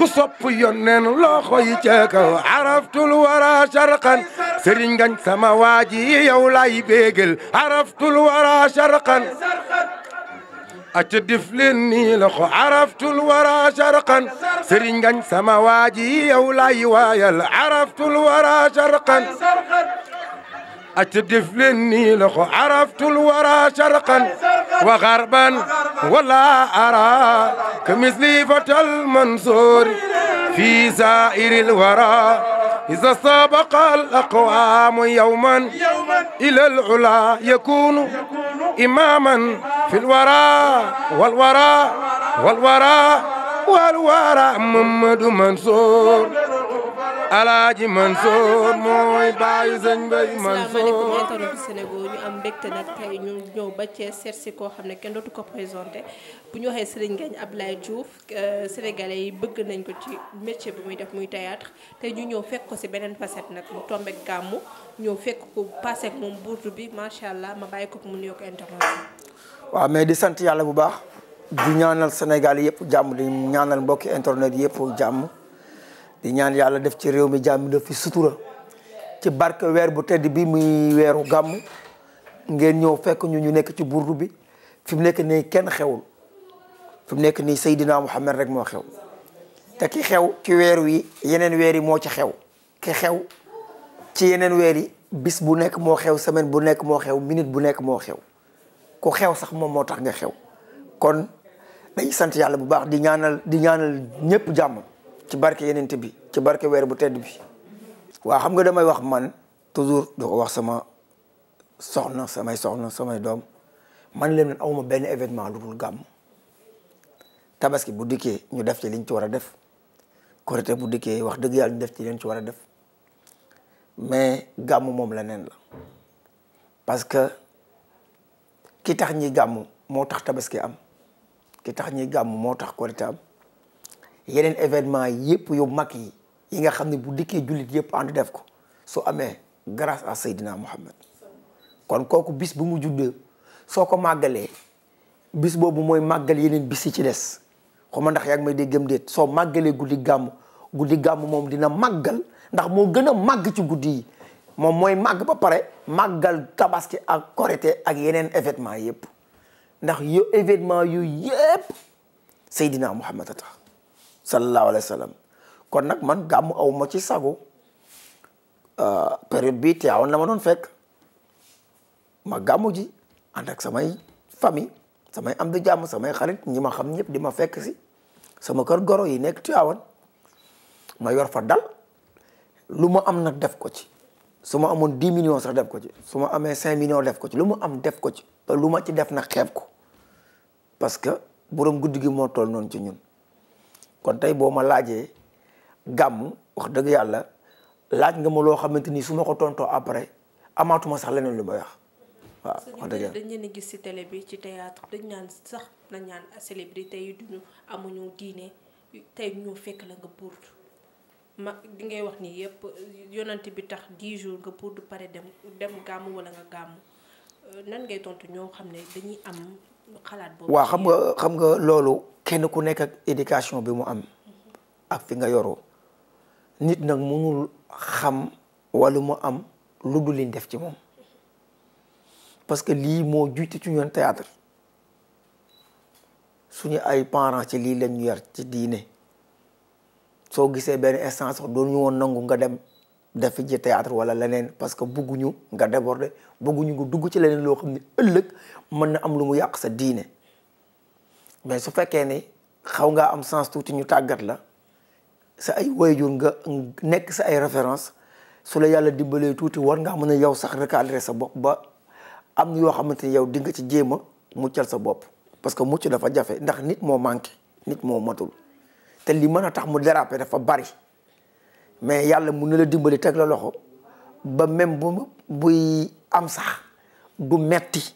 ku sopp yónneen loxo yi ca kaw araftul wara sharqan sëriñ ngañ sama waaji yow lay béegel araftul wara sharqan acca def leen nii la ko araftul wara sharqan sëriñ ngañ sama waaji yow lay أتدف للنيل عرفت الورى شرقا وغربا ولا أرى كمثلي فتى المنصور في سائر الورى إذا سبق الأقوام يوما إلى العلا يكون إماما في الورى والورى والورى والورى محمد منصور alaaji Mansour mooy baayu sëñ Bay Mansour asalaamaaleykum Sénégal ñu am mbégte nag tey ñu ñëw ba Thiès seet si koo xam ne kenn dootu ko présenté bu ñu waxee Serigne Ngagne Ablaye Diouf euh, sénégalais yi bëgg nañ ko ci métier bi muy def muy théâtre te ñu ñëw fekk ko si beneen facette nag mu tombé gàmmu ñëw fekk ko passé ak moom burdu bi macha allah ma bàyyi ko mu nuyoo ko intervention. waaw mais di sant yàlla bu baax di ñaanal Sénégal yëpp jàmm di ñaanal mbokki internet yëpp jàmm. di ñaan yàlla def ci réew mi jàmm def fi sutura ci barke weer bu tedd bi muy weeru gàmm ngeen ñëw fekk ñu ñu nekk ci burdu bi fi mu nekk nii kenn xewul fi nekk nii Seydina Muhammad rek moo xew te ki xew ci weer wi yeneen weer yi moo ci xew ki xew ci yeneen weer yi bis bu nekk moo xew semaine bu nekk moo xew minute bu nekk moo xew ku xew sax moom moo tax nga xew kon dañuy sant yàlla bu baax di ñaanal di ñaanal ñëpp jàmm ci barke yenent bi ci barke weer bu tedd bi waa xam nga damay wax man toujours da ko wax sama soxna samay soxna samay doom man leen awma benn événement lu dul gàmm tabaski bu dikkee ñu def ci liñ ci war a def korité bu dikkee wax dëgg yàlla ñu def ci liñ ci war a def mais gàmm moom la neen la parce que ki tax ñi gàmm moo tax tabaski am ki tax ñi gàmm moo tax korité am yeneen événement yëpp yow mag yi yi nga xam ne bu dikkee jullit yëpp ànd def ko su amee grâce à Seydina Muhammad kon kooku bis bu mu juddee soo ko màggalee bis boobu mooy màggal yeneen bis yi ci des xaw ma ndax yaa ngi may déggam déet soo màggalee guddi gàmm guddi gàmm moom dina màggal ndax moo gën a màgg ci guddi yi moom mooy màgg ba pare màggal tabaski ak korité ak yeneen événement yëpp ndax yo événement yu yëpp Seydina Muhammad a tax sallallahu alayhi wa kon nag man gàmm aw ma ci sago euh, période bi teewoon la ma doon fekk ma gàmmu ji ànd ak samay famille samay am di jàmm samay xarit ñi ma xam ñëpp di ma fekk si sama kër goro yi nekk Tiwaawan ma yor fa dal lu ma am nag def ko ci su ma amoon dix millions sax def ko ci su ma amee cinq millions def ko ci lu ma am def ko ci lu ma ci def nag xeeb ko parce que borom guddi gi moo toll noonu ci ñun kon tey boo ma laajee gàmm wax dëgg yàlla laaj nga ma loo xamante ni su ma ko tontoo après amaatuma sax leneen lu may wax waaw wax dëgg yàlla dañ leen a gis ci télé bi ci théâtre dañ ñaan sax na ñaan naan célébrité yi duñu amuñu diine tey ñu fekk la nga burdu ma di ngay wax nii yëpp yonent bi tax 10 jours nga burdu pare dem dem gàmm wala nga gàmm euh, nan ngay tontu ñoo xam ne dañuy am xalaat boobu xam nga xam nga loolu kenn ku nekk ak éducation bi mu am ak fi nga yoroo nit nag mënul xam wala mu am lu dul liñ def ci moom parce que lii moo juute ci ñoon théâtre suñu ay parents ci lii lañ ñu yar ci diine soo gisee benn instance doon ñu woon nangu nga dem def ci théâtre wala leneen parce que bëgguñu nga déborder bëgguñu nga dugg ci leneen loo xam ne ëllëg mën na am lu mu yàq sa diine mais su fekkee ne xaw ngaa am sens tuuti ñu tàggat la sa ay way jur nga nekk sa ay référence su la yàlla dimbalee tuuti war ngaa mën a yow sax recadrer sa bopp ba am yoo xamante ne yow di nga ci jéem a muccal sa bopp parce que mucc dafa jafe ndax nit moo manqué nit moo matul te li mën a tax mu déraper dafa bari mais yàlla mun na la dimbali teg la loxo ba même bu buy am sax du metti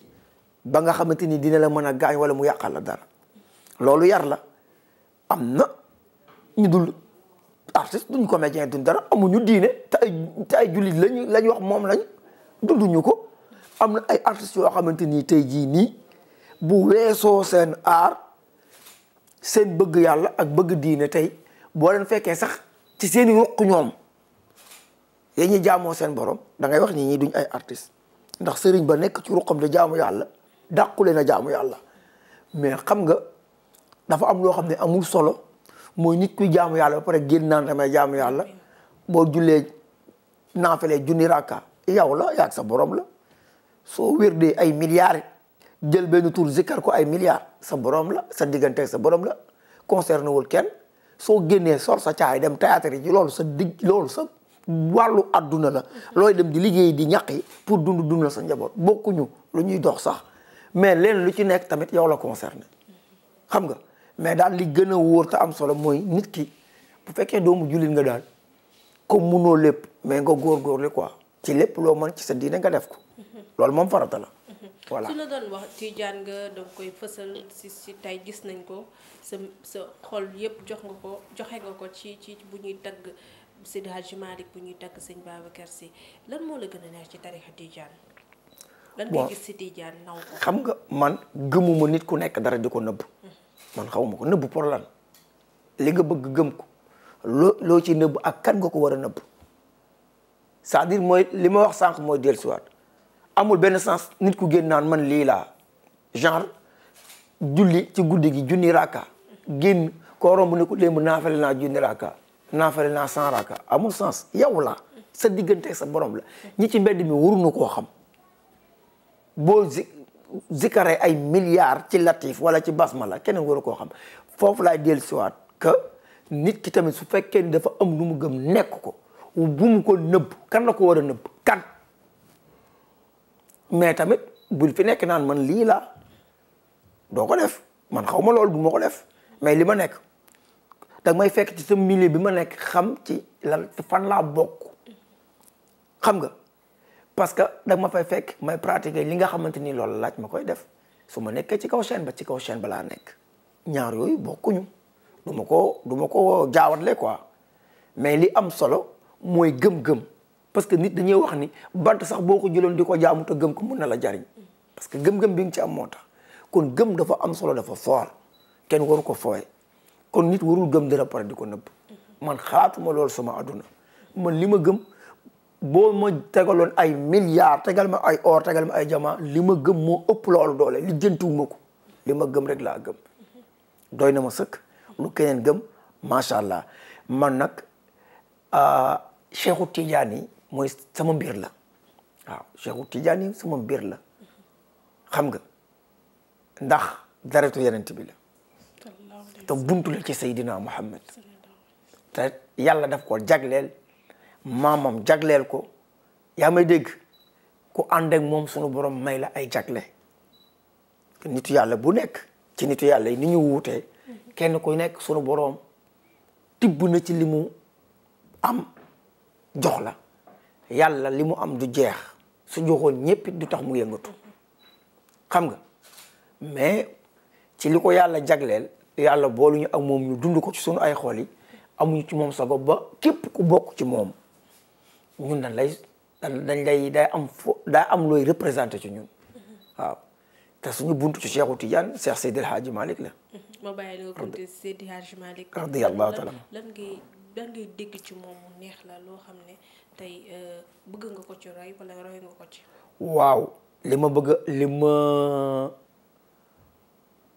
ba nga xamante ni dina la mën a gaañ wala mu yàqal la dara loolu yàr la am na ñu dul artiste duñ comédien duñ dara amuñu diine te ay ay jullit lañ lañ wax moom lañ dunduñu ko am na ay artistes yoo xamante nii tey jii nii bu weesoo seen aar seen bëgg yàlla ak bëgg diine tey boo leen fekkee sax ci seeni i ruq ñoom yéen ñi jaamoo seen borom dangay ngay wax ñi ñi duñ ay artiste ndax sëriñ ba nekk ci ruqam da jaamu yàlla leen na jaamu yàlla mais xam nga dafa am loo xam ne amul solo mooy nit kuy jaamu yàlla ba pare génn naan damay jaamu yàlla boo jullee naafalee junni rakka yow la yaag sa boroom la soo wér de ay milliards jël benn tour zikkar ko ay milliards sa borom la sa digganteeg sa borom la concerné wul kenn soo génnee sol sa caay dem théâtre ji loolu sa dig loolu sa wàllu àdduna la looy dem di liggéey di ñaq yi pour dund la sa njaboot bokkuñu lu ñuy dox sax mais leen lu ci nekk tamit yow la concerné xam nga mais daal li gën a wóor te am solo mooy nit ki bu fekkee doomu jullit nga daal comme munoo lépp mais nga góorgóorlu quoi ci lépp loo mën ci sa diine nga def ko loolu moom farata la voilà su la doon wax Tijaan nga da koy fësal si si tey gis nañ ko sa xol yépp jox nga ko joxe nga ko ci ci bu ñuy tagg Seydi Hadji Malick bu ñuy tagg sëñ Babacar Sy lan moo la gën a neex ci tarixa tiijaan lan ngay gis si Tijaan naw xam nga man gëmuma nit ku nekk dara di ko nëbb mm-hmm. man xawuma ko nëbb pour lan li nga bëgg gëm ko loo loo ci nëbb ak kan nga ko war a nëbb cest à mooy li ma wax sànq mooy dellusiwaat amul benn sens nit ku génn naan man lii laa genre julli ci guddi gi junni raaka génn koo romb ne ko démb naafale naa junni raaka naafale naa cent raaka amul sens yow la sa diggante sa boroom la ñi ci mbedd mi waruñu koo xam boo zikare ay milliards ci latif wala ci basmala keneen waru koo xam foofu laay dellusiwaat que nit ki tamit su fekkee dafa am lu mu gëm nekk ko bu mu ko nëbb kan la ko war a nëbb kan mais tamit bul fi nekk naan man lii laa doo ko def man xaw ma loolu du ma ko def mais li ma nekk danga may fekk ci sa milieu bi ma nekk xam ci lan fan laa bokk xam nga parce que danga ma fay fekk may pratiquer li nga xamante ni loolu laaj ma koy def su ma nekkee ci kaw chaîne ba ci kaw chaîne ba laa nekk ñaar yooyu bokkuñu du ma ko du ma ko jaawatle quoi mais li am solo mooy gëm-gëm parce que nit dañuy wax ni bant sax boo ko jëloon di ko jaamu te gëm ko mun na la jariñ parce que gëm-gëm bi nga ci am moo tax kon gëm dafa am solo dafa fort kenn waru ko fooye kon nit warul gëm dara pare di ko nëbb man xalaatuma loolu sama adduna man li ma gëm boo ma tegaloon ay milliards tegal ma ay or tegal ma ay jamaa li ma gëm moo ëpp loolu doole li jëntuwuma ko li ma gëm rek laa gëm doy na ma sëkk lu keneen gëm macha allah man nag ah, Cheikhu Tidiane yi mooy sama mbir la waaw Cheikhu Tidiane sama mbir la xam nga ndax daretu yenent bi la te buntu la ci Seydina Muhammad te yàlla daf ko jagleel maamam jagleel ko yaa may dégg ku ànd ak moom sunu borom may la ay jagle nitu yàlla bu nekk ci nitu yàlla yi ni ñu wuutee kenn ku nekk sunu borom tibb na ci li mu am jox la yàlla li mu am du jeex su joxoon ñépp du tax mu yëngatu xam nga mais ci li ko yàlla jagleel yàlla boolu ñu ak moom ñu dund ko ci sunu ay xool yi amuñu ci moom sago ba képp ku bokk ci moom ñun dañ lay dañ lay day am fo day am looy représenté ci ñun waaw te suñu buntu ci Cheikhu Tidiane Cheikh Seydi El Hadji la. ma bàyyi la nga lan ngay dégg ci moom mu neex la loo xam ne. tey euh, bëgg nga ko ci roy wala waaw li ma bëgg li ma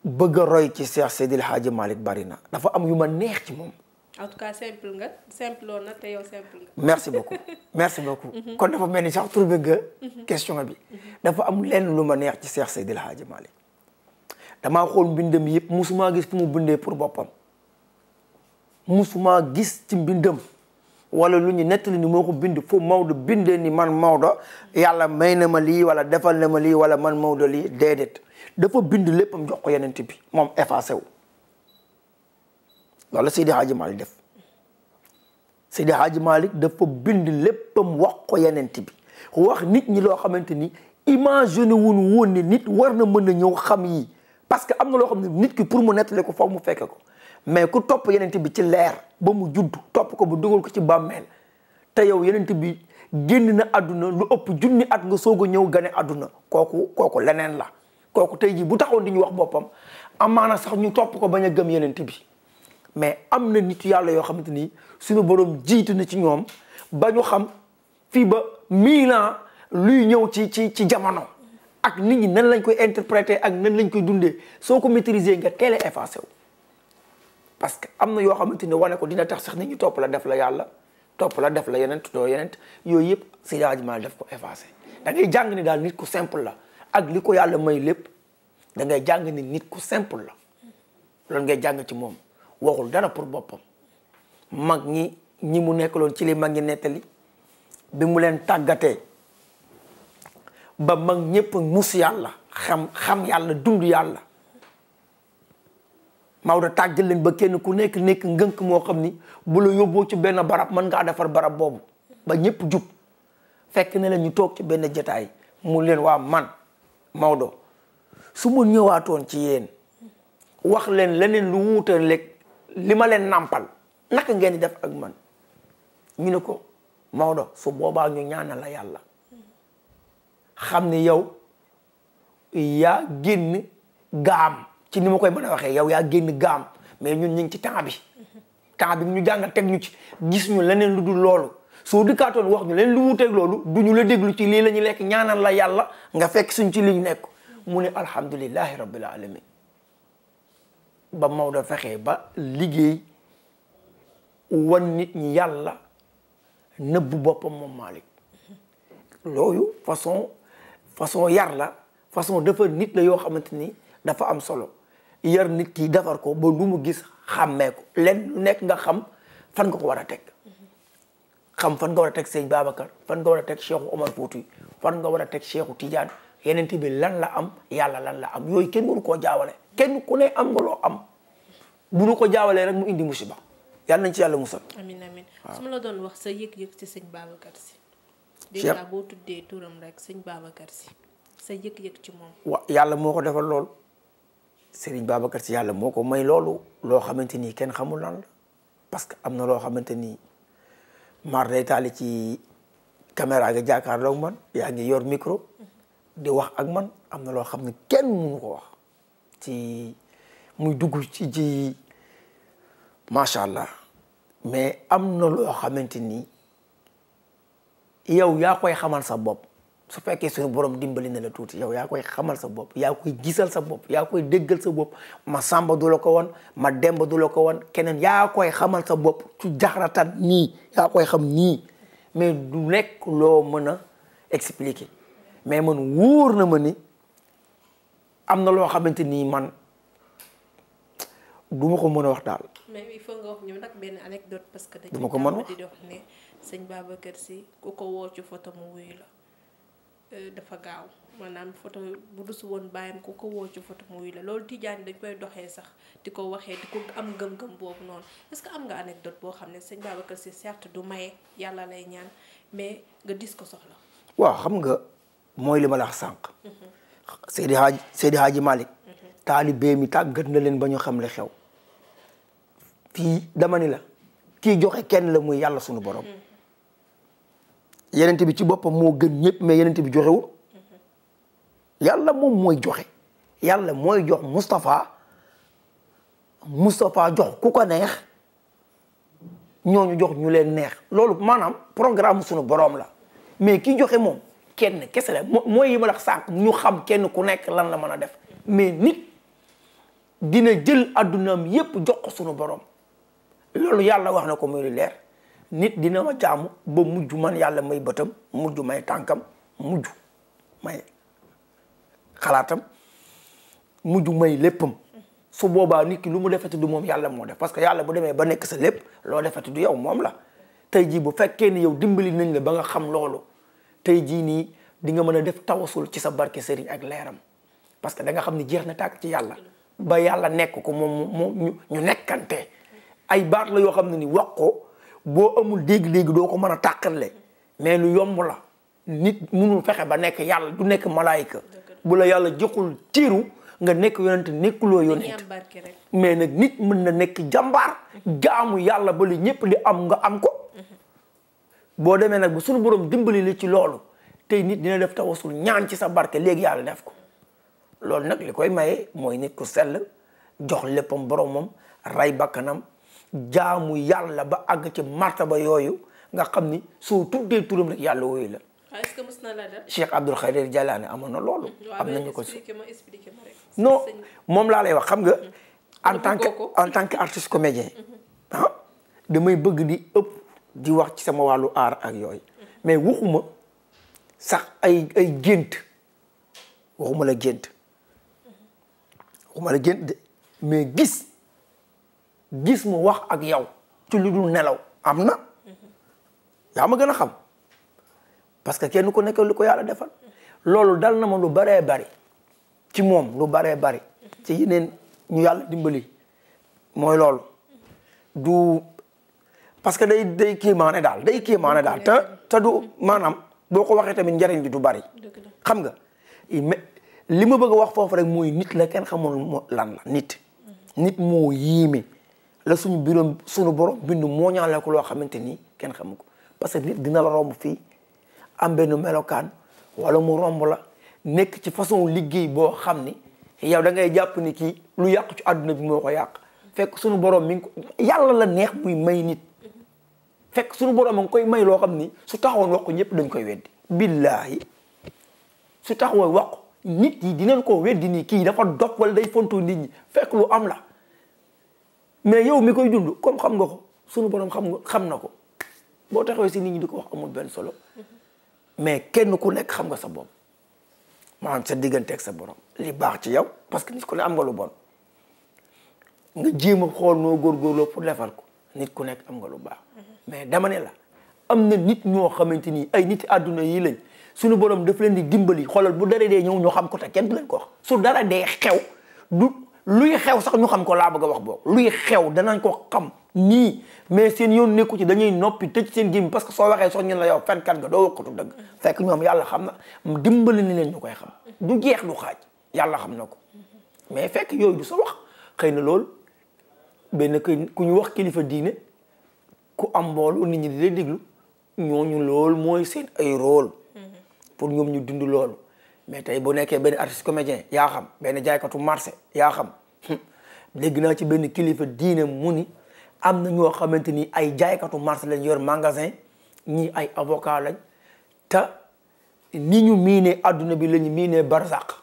bëgg a roy ci Cheikh Seydil Hadji Malick bari na dafa am yu ma neex ci moom. en tout cas simple na te yow simple nga. merci beaucoup merci beaucoup. Mhm. kon dafa mel ni sax trouvé nga. Mhm. question bi. Mhm. dafa am lenn lu ma neex ci seex Seydil Hadji Malick damaa xool mbindam yëpp musuma gis fu mu bindee pour boppam musuma gis ci mbindam. wala lu ñu nettali ni moo ko bind fu Maodo bindee ni man Maodo yàlla may na ma lii wala defal na ma lii wala man Maodo lii déedéet dafa bind léppam jox ko yenent bi moom effacé wu loolu Seydi Hadji Malick def Seydi Hadji Malick dafa bind léppam wax ko yenent bi wax nit ñi loo xamante ni imagine wun woon ni nit war na mën a ñëw xam yi parce que am na loo xam ne nit ki pour mu nettali ko foog mu fekke ko mais ku topp yenent bi ci leer ba mu judd topp ko bu dugal ko ci bàmmeel te yow yenent bi génn na àdduna lu ëpp junni at nga soog a ñëw gane àdduna kooku kooku leneen la kooku tey jii bu taxoon di ñu wax boppam amaana sax ñu topp ko bañ a gëm yeneent bi mais am na nit yàlla yoo xamante ni suñu borom jiitu na ci ñoom ba ñu xam fii ba mille ans luy ñëw ci ci ci jamono ak nit ñi nan lañ koy interpréter ak nan lañ koy dundee soo ko maîtriser nga teel a effacé parce que am na yoo xamante ni wane ko dina tax sax nit ñi topp la def la yàlla topp la def la yeneen doo yeneen yooyu yëpp si daa ma def ko effacé da ngay jàng ni daal nit ku simple la ak li ko yàlla may lépp da ngay jàng ni nit ku simple la loolu ngay jàng ci moom waxul dara pour boppam mag ñi ñi mu nekk loon ci li mag ngi nettali bi mu leen tàggatee ba mag ñëpp mus yàlla xam xam yàlla dund yàlla Maodo tàggal leen ba kenn ku nekk nekk ngënk moo xam ni bu la yóbboo ci benn barab mën ngaa defar barab boobu ba ñëpp jub fekk na leen ñu toog ci benn jataay mu leen waa man Maodo su ma ñëwaatoon ci yéen wax leen leneen lu wuutal lekk li ma leen nàmpal naka ngeen di def ak man ñu ne ko Maodo su boobaa ñu ñaanal la yàlla xam ni yow yaa génn gaam ci ni ma koy mën a waxee yow yaa génn gaam mais ñun ñu ngi ci temps bi temps bi ñu jàngal teg ñu ci gis ñu leneen lu dul loolu soo dikkaatoon wax ñu leen lu wuteeg loolu du ñu la déglu ci lii la ñu lekk ñaanal la yàlla nga fekk suñ ci liñ nekk mu ne alhamdulilahi rabbil alamin ba Maodo fexee ba liggéey wan nit ñi yàlla nëbb boppam moom Malick looyu façon façon yar la façon dafa nit la yoo xamante ni dafa am solo yar nit yi defar ko ba lu mu gis xàmmee ko lenn nekk nga xam fan nga ko war a teg xam fan nga war a teg sëñ Babacar fan nga war a teg Cheikh Omar Fouti fan nga war a teg Cheikh tiijaan yeneen bi lan la am yàlla lan la am yooyu kenn waru koo jaawale kenn ku ne am nga loo am bu nu ko jaawalee rek mu indi mu musiba yàlla nañ ci yàlla musal. amiin amiin su ma la doon wax sa yëg-yëg ci sëñ Babacar si. déjà boo tuddee turam rek sëñ Babacar si sa yëg-yëg ci moom. yàlla moo ko defal lool. Serigne Babacar si yàlla moo ko may loolu loo xamante ni kenn xamul lan la parce que am na loo xamante ni mar day taali ci caméra ga jàkkaarloog man yaa ngi yor micro di wax ak man am na loo xam ne kenn mënu ko wax ci muy dugg ci ji macha allah mais am na loo xamante ni yow yaa koy xamal sa bopp su fekkee suñu boroom dimbali na la tuuti yow yaa koy xamal sa bopp yaa koy gisal sa bopp yaa koy déggal sa bopp ma sàmba du la ko woon ma demba du la ko woon keneen yaa koy xamal sa bopp ci jaxratan nii yaa koy xam nii mais du nekk loo mën a expliquer mais man wóor na ma ni am na loo xamante nii man du ma ko mën a wax daal. mais il faut du ma ko mën sëñ Babacar ko woo ci Euh, dafa gaaw maanaam foto bu dusu woon bàyyam ku ko woo ci photo muy la loolu tijaan yi dañ koy doxee sax di ko waxee di ko am gëm-gëm boobu noonu est que am nga anecdote boo xam ne sëñ Babacar Sy certes du maye yàlla lay ñaan mais nga dis ko soxla. waaw xam nga mooy li ma la wax mm-hmm. mm-hmm. mi tàggat na leen ba ñu xam le xew. fii dama ni la kii joxe kenn la muy yàlla sunu boroom mm-hmm. yenente bi ci boppam moo gën ñëpp mais yenente bi joxewul yàlla moom mooy joxe yàlla mooy jox Moustapha Moustapha jox ku ko neex ñooñu jox ñu leen neex loolu maanaam programme suñu boroom la mais ki joxe moom kenn kese la mooy yi ma la sànq ñu xam kenn ku nekk lan la mën a def mais nit dina jël addunaam yépp jox sunu suñu boroom loolu yàlla wax na ko muy lu leer nit dina ma jaamu ba mujj man yàlla may bëtam mujj may tànkam mujj may xalaatam mujj may léppam su boobaa nit ki lu mu defati du moom yàlla moo def parce que yàlla bu demee ba nekk sa lépp loo defati du yow moom la tey jii bu fekkee ni yow dimbali nañ la ba nga xam loolu tey jii nii di nga mën a def tawasul ci sa barke sëriñ ak leeram parce que da nga xam ni jeex na tàkk ci yàlla ba yàlla nekk ko moom moom ñu nekkante ay baat la yoo xam ne ni wax ko boo amul dégg-dégg doo ko mën a tàqale mais lu yomb la nit munul fexe ba nekk yàlla du nekk malaayika bu la yàlla joxul tiiru nga nekk yonent nekkuloo yonent mais nag nit mën na nekk jàmbaar jaamu yàlla ba li ñëpp li am nga am ko boo demee nag bu sur borom dimbali li ci loolu tey nit dina def tawasul ñaan ci sa barke léegi yàlla def ko loolu nag li koy maye mooy nit ku sell jox léppam boromam ray bakkanam jaamu yàlla ba àgg ci martaba yooyu nga xam ni soo tuddee turam rek yàlla wooyu la. Ah, est-ce que mës na la def. Cheikh Abdoul Khadir Jalaani amoon na loolu. am nañu ko si no moom laa lay wax xam nga. Mm-hmm. en tant que en tant que artiste comédien. Mm-hmm. ah damay bëgg di ëpp di wax ci sama wàllu aar ak yooyu. Mm-hmm. mais waxuma sax ay ay gént waxuma la gént waxuma la gént de mais gis. gis mu wax ak yow ci lu nelaw am na yaa ma gën a xam parce que kenn ku nekk lu ko yàlla defal loolu dal na ma lu baree bari ci moom lu baree bari ci yeneen ñu yàlla dimbali mooy loolu du parce que day day kéemaane daal day kéemaane daal te te du maanaam boo ko waxee tamit njariñ bi du bari nga li ma bëgg wax foofu rek mooy nit la kenn xamul lan la nit mm-hmm. nit moo yiime la suñu biroom suñu borom bindu moo ñaale ko loo xamante ni kenn xamu ko parce que nit dina la romb fii am benn melokaan wala mu romb la nekk ci façon liggéey boo xam ni yow da ngay jàpp ni kii lu yàqu ci àdduna bi moo ko yàq fekk suñu borom mi ngi ko yàlla la neex muy may nit fekk suñu borom a ngi koy may loo xam ni su taxawoon wax ko ñëpp dañ koy weddi billaahi su taxawoon wax ko nit yi dinañ ko weddi nii kii dafa dof wala day fontu nit ñi fekk lu am la mais yow mi koy dund comme xam nga ko sunu borom xam nga xam na ko boo taxawee si nit ñi di ko wax amul benn solo mais kenn ku nekk xam nga sa bopp maanaam sa digganteek sa borom li baax ci yow parce que nit ku ne am bon nga jéem a xool noo góorgóorloo pour defar ko nit ku nekk am nga lu baax mais dama la am na nit ñoo xamante ni ay nit adduna yi lañ sunu borom daf leen di dimbali xoolal bu dara dee ñëw ñoo xam ko te kenn du leen ko su dara dee xew luy xew sax ñu xam ko laa bëgg a wax boog luy xew danañ ko xam nii mais seen yoon nekku ci dañuy noppi tëj seen gémmiñ parce que soo waxee sax ñun la yow fenkat nga doo waxatu dëgg fekk ñoom yàlla xam na dimbali ni leen ñu koy xam du jeex du xaaj yàlla xam na ko mais fekk yooyu du sa wax xëy na loolu benn ku ñu wax kilifa diine ku am mbooloo nit ñi di lay déglu ñooñu lool mooy seen ay rôle mm-hmm. pour ñoom ñu dund loolu mais tey bu nekkee benn artiste comédien yaa xam benn jaaykatu marché yaa xam dégg naa ci benn kilifa diine mu ni am na ñoo xamante ni ay jaaykatu marché lañ yor magasin ñii ay avocat lañ te ni ñu miine adduna bi lañu miinee barzaq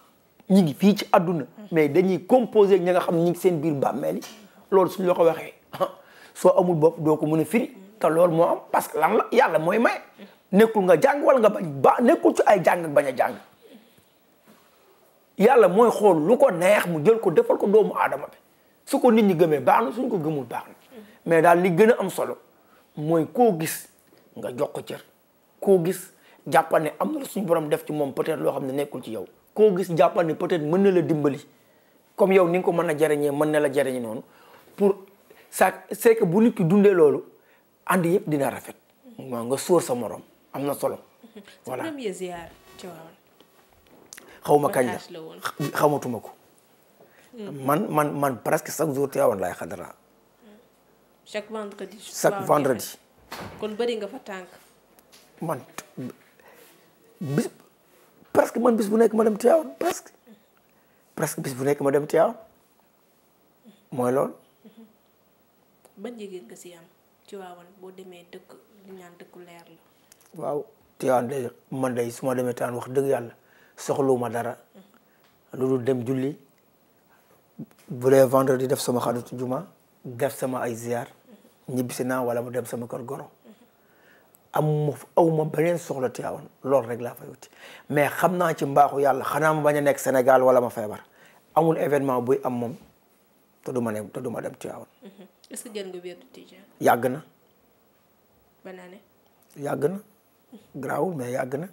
ñi ngi fii ci adduna mais dañuy composé ñi nga xam ñi ngi seen biir bàmmeel yi loolu suñ la ko waxee ah, soo amul bopp doo ko mën a firi te loolu moo parce que lan yàlla mooy may nekkul nga jàng wal nga bañ ba nekkul ci ay jàng ak bañ a jàng yàlla mooy xool lu ko neex mu jël ko defal ko doomu aadama bi su ko nit ñi gëmee baax na suñ ko gëmul baax na mais daal li gën a am solo mooy koo gis nga jox ko cër koo gis jàppal ne am na la suñu borom def ci moom peut loo xam ne nekkul ci yow koo gis jàppal ne peut-être mën na la dimbali comme yow ni nga ko mën a jariñee mën na la jariñe noonu pour ça c'est bu nit ki dundee loolu ànd yëpp dina rafet. waaw nga sóor sa morom am na solo. xaw ma kañ la xamatuma ko. Mm-hmm. man man man presque chaque jour Tivaouane laay xadara. Mm-hmm. chaque vendredi. chaque vendredi. kon bëri nga fa tànk. man bis presque man bis bu nekk ma dem Tivaouane presque. presque bis bu nekk ma dem Tivaouane mm-hmm. mooy loolu. ba jigéen nga si am Tivaouane boo demee dëkk li ñaan dëkku leer la. waaw Tivaouane day man day su ma demee taan wax dëgg yàlla. soxluwuma dara lu dul dem julli bu dee vendredi def sama xadutu juma def sama ay ziar ñibbisi naa wala mu dem sama kër goro am aw ma beneen soxla Tiwaawan loolu rek laa fay wuti mais xam naa ci mbaaxu yàlla xanaa ma bañ a nekk Sénégal wala ma feebar amul événement buy am moom te du ma ne te du ma dem Tiwaawan. Mm-hmm. est-ce que yàgg na. ba mais yàgg na.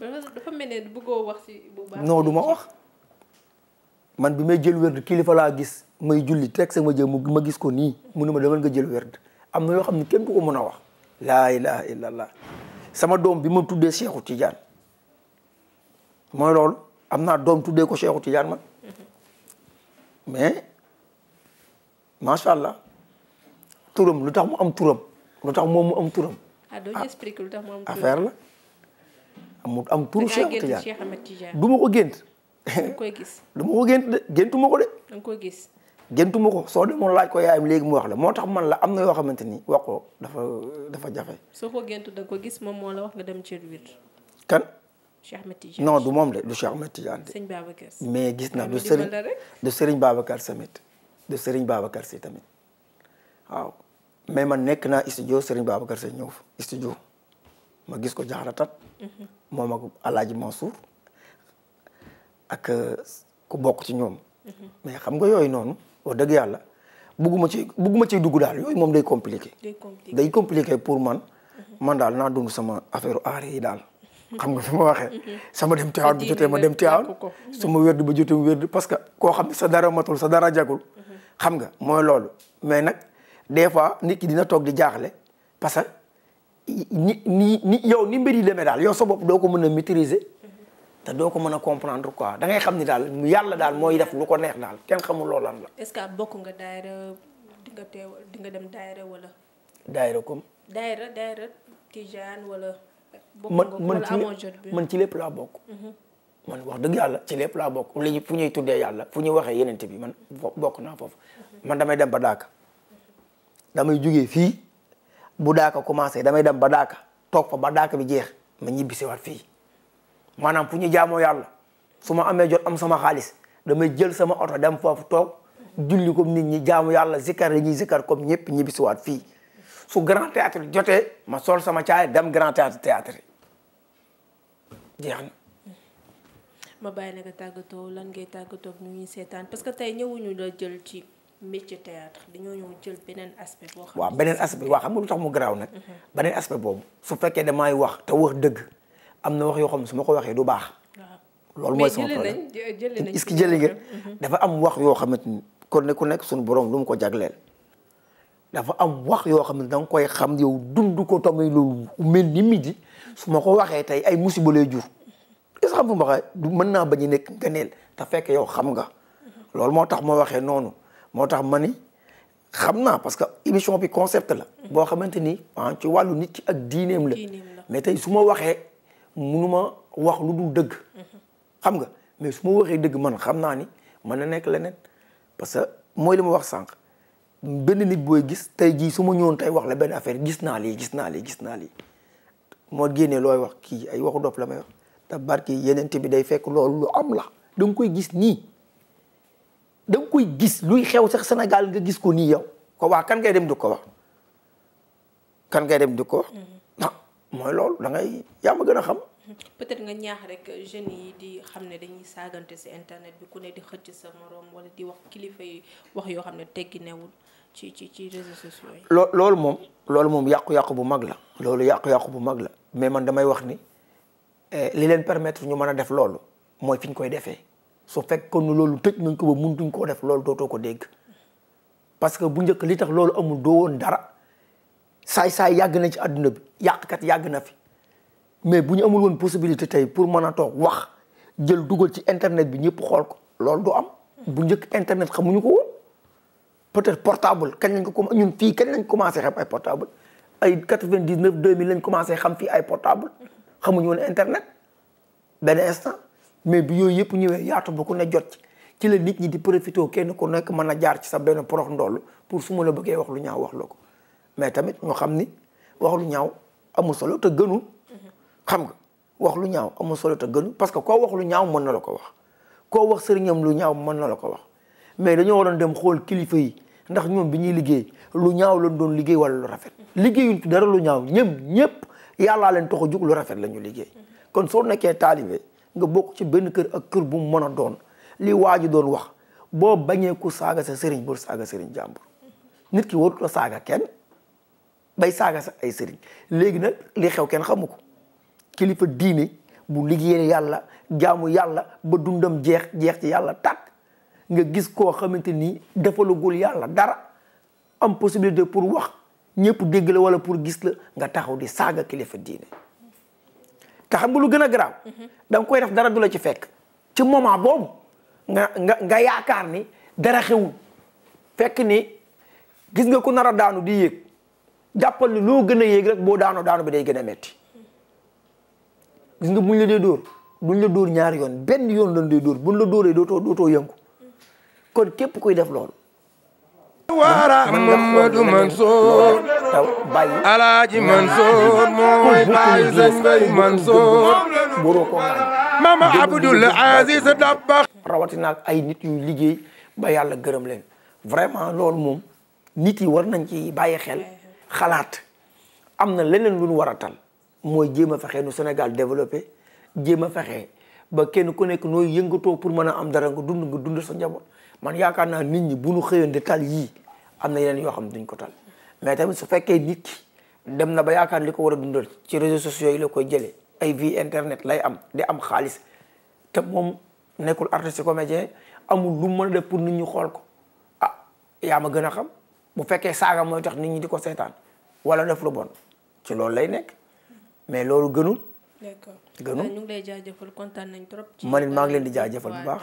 dafa mel ne wax ci du ma wax man bi may jël werd kilifa laa gis may julli teg sa ma jël ma gis ko nii mu ne ma demal nga jël werd am na yoo xam ne kenn du mun a wax. laa ilaha illallah sama doom bi ma tuddee Cheikhou Tidiane mooy loolu am naa doom tuddee ko Cheikhou Tidiane man mais macha allah turam lu tax mu am turam lu tax moom mu am turam. ah doo affaire la. mu am turu Cheikh Tidiane du ma ko gént. da koy gis du ma ko gént de géntu ma ko de. da koy gis. géntu ma ko soo demoon laaj ko yaayam léegi mu wax la moo tax man la am na yoo xamante ni wax ko dafa dafa jafe. soo ko géntu da ko gis moom moo la wax nga dem ci biir. kan. Cheikh Ahmed Tidiane non du moom de du Cheikh Ahmed Tidiane de. sëñ Babacar mais gis na du Serigne du Serigne Babacar Samit du Serigne Babacar si tamit waaw mais man nekk naa studio Serigne Babacar si ñëw fa studio. ma gis ko jaxaratat moom ak alaaji Mansour ak euh, ku bokk ci ñoom mais xam nga yooyu noonu wax dëgg yàlla bugguma ci bugguma ciy dugg daal yooyu moom day compliqué day compliqué pour man man daal naa dund sama affaire aar yi daal xam nga fi ma waxee sama dem Tiwaawan bu jotee ma dem Tiwaawan su ma wérdi ba jotee mu wérdi parce que koo xam ne sa dara matul sa dara jagul xam nga mooy loolu mais nag des nit ki dina toog di jaaxle parce ni ni ni yow ni mbir yi demee daal yow sa bopp doo ko mën a maîtriser mhm. te doo ko mën a comprendre quoi da ngay xam ni daal yàlla daal mooy def lu ko neex daal kenn xamul loolan la. est-ce que bokk nga di nga teew di nga dem daayira wala. daayira comme. daayira daayira tijaan wala. bokk man man ci lépp laa bokk. Mhm. man wax dëgg yàlla ci lépp laa bokk léegi fu ñuy tuddee yàlla fu ñuy waxee yeneen bi man bokk naa foofu mhm. man damay dem ba daaka damay jugee fii. bu daaka commencé damay dem ba daaka toog fa ba daaka bi jeex ma ñibbi siwaat fii maanaam fu ñu jaamoo yàlla su ma amee jot am sama xaalis damay jël sama oto dem foofu toog julli comme nit ñi jaamu yàlla zikkar la ñuy zikkar comme ñëpp ñibbi waat fii su grand théâtre jotee ma sol sama caay dem grand théâtre théâtre jeex na ma bàyyi nag tàggatoo lan ngay tàggatoo ñu seetaan parce tey ñëwuñu la jël ci métier théâtre dañoo ñëw jël beneen aspect boo xam waaw beneen aspect waaw xam nga lu tax mu garaaw nag. Mhm. beneen aspect boobu su fekkee damay wax te wax dëgg am na wax yoo xam ne su ma ko waxee du baax. loolu mooy sama problème est-ce que jëli nga mhm. dafa am wax yoo xamante ni kon ne ku nekk suñu borom lu ko jagleel. dafa am wax yoo xam ne da koy xam yow dund ko tamit lu mel ni midi su ma ko waxee tey ay musiba lay jur est-ce que xam nga ma waxee du mën naa bañ a nekk nga neel te fekk yow xam nga. Mhm. loolu moo tax ma waxee noonu. moo tax ma ni xam naa parce que émission bi concept la. boo xamante ni ah ci wàllu nit ki ak diineem la. mais tey su ma waxee munuma wax lu dul dëgg. xam nga mais su ma waxee dëgg man xam naa ni man na nekk leneen parce que mooy li ma wax sànq benn nit booy gis tey jii su ma ñëwoon tey wax la benn affaire gis naa lii gis naa lii gis naa lii moo génnee looy wax kii ay waxu dopp la may wax te barki yeneen bi day fekk loolu lu am la da koy gis nii. da nga koy gis luy xew sax Sénégal nga gis ko nii yow ko waa kan ngay dem du ko wax kan ngay dem du ko wax mm-hmm. ah, mooy loolu da ngay yaa ma gën a xam mm-hmm. peut-être nga ñaax rek jeunes yi di xam ne dañuy saagante ci internet bi ku ne di xëcc sa moroom wala di wax kilifa yi wax yoo xam ne teggi newul ci ci ci réseaux sociaux yi. loolu moom loolu moom yàqu-yàqu bu mag la loolu yàqu-yàqu bu mag la mais man damay wax ni eh, li leen permettre ñu mën a def loolu mooy fi ñu koy defee su fekkoon ne loolu tëj nañ ko ba mëntuñ koo def loolu dootoo ko dégg parce que bu njëkk li tax loolu amul doo woon dara saay-saay yàgg na ci àdduna bi yàqkat yàgg na fi mais bu ñu amul woon possibilité tey pour mën a toog wax jël dugal ci internet bi ñëpp xool ko loolu du am bu njëkk internet xamuñu ko woon peut-être portable kañ lañ ko comm ñun fii kañ lañ commencé xam ay portable ay quatre-vingt-dix-neuf deux mille lañ commencé xam fii ay portable xamuñu woon internet benn instant mais bi yooyu yëpp ñëwee yaatu ba ku ne jot ci ci la nit ñi di profité kenn ku nekk mën a jaar ci sa benn porox ndoll pour su la bëggee lu ñaaw wax ko mais tamit ñu xam ni wax lu ñaaw amul solo te gënul xam nga wax lu ñaaw amul solo te gënul parce que koo wax ñaaw mën na la ko wax koo wax sëriñam lu ñaaw mën na la ko wax mais dañoo waroon dem xool kilifa yi ndax ñoom bi ñuy liggéey lu ñaaw lañ doon liggéey wala lu rafet liggéeyuñ ci dara lu ñaaw ñëm ñëpp yàllaa leen tax a jug lu rafet la ñu liggéey kon soo nekkee taalibe nga bokk ci benn kër ak kër bu mu a doon li waa ji doon wax boo bañee ku saaga sa sëriñ bul saaga sëriñ jàmbur nit ki warut a saaga kenn bay saaga sa ay sëriñ léegi nag li xew kenn xamu ko kilifa diine bu liggéey yàlla jaamu yàlla ba dundam jeex jeex ci yàlla tàkk nga gis koo xamante ni defalagul yàlla dara am possibilité pour wax ñëpp dégg la wala pour gis la nga taxaw di saaga kilifa diine te xam nga lu gën a garaaw mm-hmm. da nga koy def dara du la ci fekk ci moment boobu nga nga nga yaakaar ni dara xewul fekk ni gis nga ko nara daanu di yéeg jàppal ni loo gën a yéeg rek boo daanoo daanu bi day gën a metti gis nga buñ la dee dóor buñ la dóor ñaari yoon benn yoon lañ dee dóor buñ la dóoree dootoo dootoo yëngu kon képp kuy def loolu taw bàyyi. alaaji Mansour mooy bàyyi sëñ Bay Mansour. waroo ko ŋaañ. mama Abdoul Aziz Dabakh. rawatina ay nit yu liggéey ba yàlla gërëm leen vraiment loolu moom nit yi war nañ ci bàyyi xel xalaat am na leneen lu ñu war a tal mooy jéem a fexe nu Sénégal développé jéem a fexe ba kenn ku nekk nooy yëngatoo pour mën a am dara nga dund nga dund sa njaboot man yaakaar naa nit ñi bu ñu xëyoon di tal yii am na yeneen yoo xam ne duñ ko tal. mais tamit su fekkee nit ki dem na ba yaakaar li ko war a dundal ci réseaux sociaux yi la koy jëlee ay vie internet lay am di am xaalis te moom nekkul artiste comédien amul lu mën a def pour nit ñu xool ko ah yaa ma gën a xam bu fekkee saaga mooy tax nit ñi di ko seetaan wala def lu bon ci loolu lay nekk mais loolu gënul. d'accord gënul ñu ngi lay jaajëfal kontaan nañ trop. ci man it maa ngi leen di jaajëfal bu baax.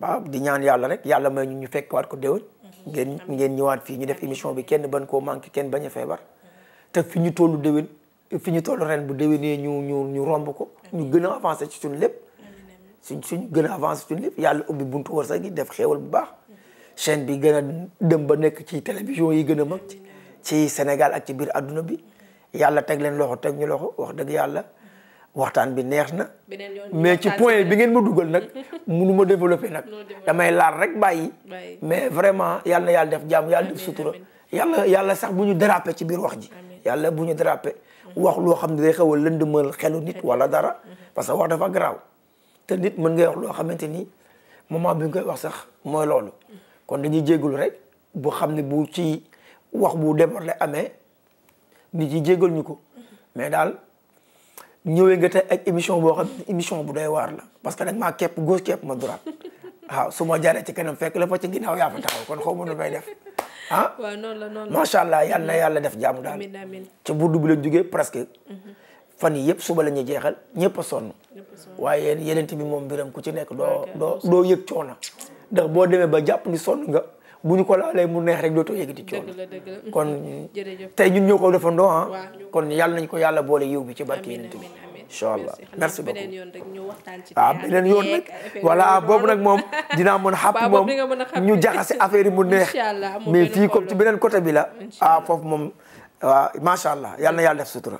waaw di ñaan yàlla rek yàlla may ñu ñu waat ko déwén ngeen ngeen ñëwaat fii ñu def émission bi kenn bañ koo manqué kenn bañ a feebar te fi ñu tollu déwén fi ñu tollu ren bu déwénee ñu ñu ñu romb ko ñu gën a avancé ci suñu lépp suñ suñ gën a avancé ci suñu lépp yàlla ubbi buntu sax gi def xéewal bu baax chaîne bi gën a dem ba nekk ci télévision yi gën a mag ci Sénégal ak ci biir àdduna bi yàlla teg leen loxo teg ñu loxo wax dëgg yàlla waxtaan bi neex na mais ci point bi ngeen ma dugal nag munu ma développé nag damay laal rek bàyyi mais vraiment yàlla na yàlla def jàmm yàlla def sutura yàlla yàlla sax bu ñu dérapé ci biir wax ji yàlla bu ñu dérapé wax loo xam ne day xaw a lëndëmal xelu nit wala dara mm-hmm. parce que wax dafa garaaw te nit mën ngay wax loo xamante ni moment bi nga koy wax sax mooy loolu mm-hmm. kon dañuy jégalu rek bu xam ne bu ci wax bu déborde amee nit yi jégal ñu ko mm-hmm. mais daal ñëwee nga te ak émission boo xam émission bu doy waar la parce que nag maa képp gauche képp ma droite waaw su ma jaaree ci kanam fekk la fa ci ginnaaw yaa fa taxaw kon xaw ma def ah. waaw la noonu la macha allah yal na yàlla def jàmm daal. ci buddu bi la jugee presque. Mhm. fan yii yëpp suba la ñuy jeexal ñëpp a sonn. waaye yéen yeneen bi moom mbiram ku ci nekk doo doo doo yëg coono ndax boo demee ba jàpp ni sonn nga. bu ñu ko laalee mu neex rek dootoo yëgati coono. dëgg la dëgg kon tey ñun ñoo ko defandoo ah. kon yàlla nañ ko yàlla boole yiw bi ci barke yi nit incha allah merci beaucoup waaw ah, beneen yoon nag voilà boobu nag moom dinaa mën xàpp moom ñu jaxase affaire yi mu neex mais fii comme ci beneen côté bi la ah foofu moom waaw macha allah yal yàlla def sutura.